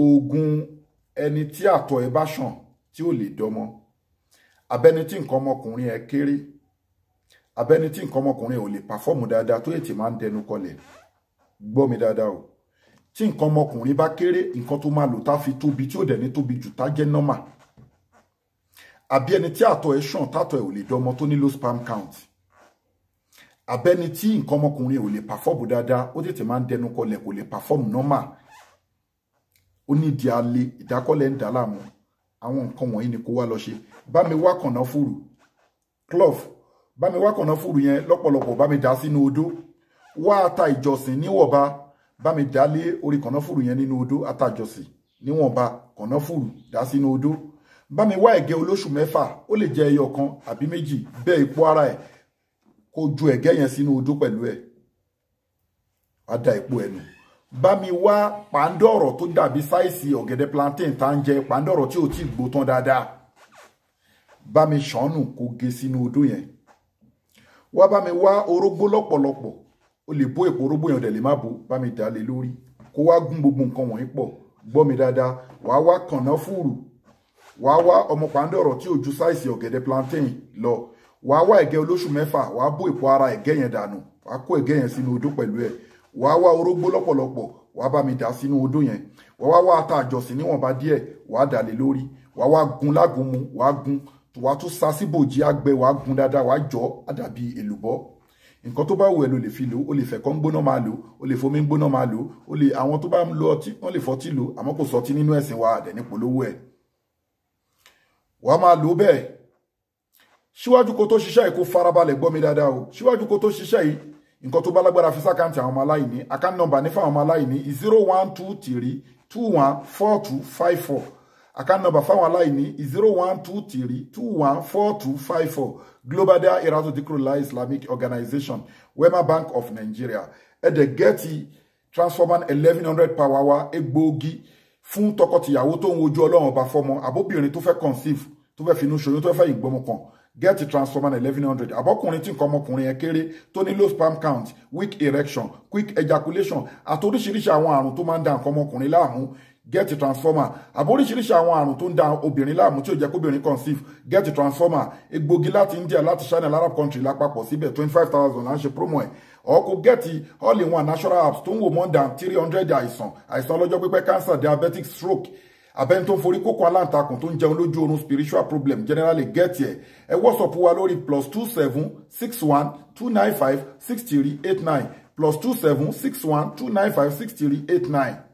oògùn ẹni tí àtọ̀ ẹ bá ṣàn tí ò lè dọmọ abẹni tí nǹkan ọmọkùnrin ẹ kéré abẹni tí nǹkan ọmọkùnrin ò lè pàfọ́ọ̀mù dáadáa tó ètè máa ń dẹnu kọlẹ̀ gbọ́ mi dáadáa o tí nǹkan ọmọkùnrin bá kéré nǹkan tó máa lò tá fi tóbi tí ò dẹ̀ ní tóbi jù tá jẹ́ nọ́mà àbí ẹni tí àtọ̀ ẹ ṣàn tátọ̀ ẹ ò lè dọmọ tó ní low sperm count abẹni tí nǹkan ọmọkùnrin ò lè pàfọ́ọ̀mù dáadáa ó tètè máa ń dẹnu kọlẹ̀ kò lè pàfọ́ọ̀mù nọ́mà ó ní ìdí alẹ́ ìdákọ́lẹ̀ ń dà láàmú àwọn nǹkan wọ̀nyí ni kó wá lọ ṣe bá mi wá kànáà fòrò clove bá mi wá kànáà fòrò yẹn lọ́pọ̀lọpọ̀ bá mi dà sínú odó wá ata ìjọsìn níwọ̀nba bá mi dà lé orí kànáà fòrò yẹn nínú odó ata ìjọsìn níwọ̀nba kànáà fòrò dà sínú odó bá mi wá ẹ̀gẹ́ olóṣù mẹ́fà ó lè jẹ́ ẹyọ kan àbí méjì bẹ́ẹ̀ ipò ara ẹ̀ kó ju ẹ̀gẹ́ yẹn sínú odó pẹ̀lú ẹ̀ á da ipò ẹ̀ bá mi wá pàǹdọ̀rọ̀ tó dàbí sáìsì ọ̀gẹ̀dẹ̀ plantain tá ń jẹ pàǹdọ̀rọ̀ tí ò tí gbó tán dáadáa bá mi ṣànù kó gé sínú odó yẹn wá bá mi wá orógbó lọ́pọ̀lọpọ̀ o lè bó èpo orógbó yẹn o dẹ̀ lè má bó bá mi dà lé lórí kó wá gún gbogbo nǹkan wọ̀nyí pọ̀ gbọ́ mi dáadáa wàá wá kànáà fùrù wàá wá ọmọ pàǹdọ̀rọ̀ tí ò ju sáìsì ọ̀gẹ̀dẹ̀ plantain lọ wàá wá ẹ̀gẹ́ olóṣù mẹ́fà wàá bó èpo ara ẹ̀gẹ́ yẹn dànù wàá kó ẹ̀gẹ́ yẹn sínú odó pẹ̀lú ẹ̀ wàá wá orógbó lọ́pọ̀lọpọ̀ wàá bá mi dà sínú odó yẹn wàá wá wá ata àjọsìn níwọ̀nba díẹ̀ wàá dàlé lórí wàá wá gun lágun mu wàá gun wàá tún sa síbòjì àgbẹ̀ wàá gun dáadáa wàá jọ àdàbí èlùbọ́ nǹkan tó bá wù ẹ́ ló lè fi lò ó lè fẹ̀kọ́ ń gbóná máa lò ó lè fomi ń gbóná máa lò ó lè àwọn tó bá ń lo ọtí wọ́n lè fọtí lò àmọ́ kò sọtí nínú ẹ̀sìn wa àdẹ̀ ní polówó ẹ̀ wàá máa lò bẹ́ẹ̀ síwájú kó tó ṣiṣẹ́ yìí kó farabalẹ̀ gbọ́ mi dáadáa o síwájú kó tó ṣiṣẹ́ yìí nǹkan tó bá lágbára fi sákàǹtì àwọn ọmọ aláìní account number ní fáwọn ọmọ aláìní zero one two three two one four two five four account number fáwọn aláìní zero one two three two one four two five four Global Dahiratu Dhikrlahi Islamic Organization Wema Bank of Nigeria ẹ̀dẹ̀ gẹ́ẹ̀tì transformer eleven hundred power wa egbòogi fún tọkọtìyàwó tó ń wojú ọlọ́run ọba fọmọ àbóbìnrin tó fẹ́ conceive tó fẹ́ finú ṣoyún tó fẹ́ fẹ́ ìgbọ́mọ kan get transformer ní eleven hundred àbọ́kùnrin tí nǹkan ọmọkùnrin yẹn kéré tó ní low sperm count weak erection quick ejaculation àti oríṣiríṣi àwọn àrùn tó máa ń da nǹkan ọmọkùnrin láàmú get transformer àbò oríṣiríṣi àwọn àrùn tó ń da obìnrin láàmú tí ò jẹ́ kóbìnrin conceive get transformer egbògi láti India láti China Arab country lápapọ̀ síbẹ̀ twenty five thousand là ń ṣe promo ẹ̀ ọkọ̀ get all in one natural apps tó ń wò more than three hundred àìsàn àìsàn ọlọ́jọ́ pípẹ́ cancer diabetic stroke abẹ́ni tó ń forí kókó aláǹtakùn tó ń jẹun lójú oorun spiritual problem generally get here ẹ wọ́sọ̀pù wa lórí plus two seven six one two nine five six three eight nine plus two seven six one two nine five six three eight nine.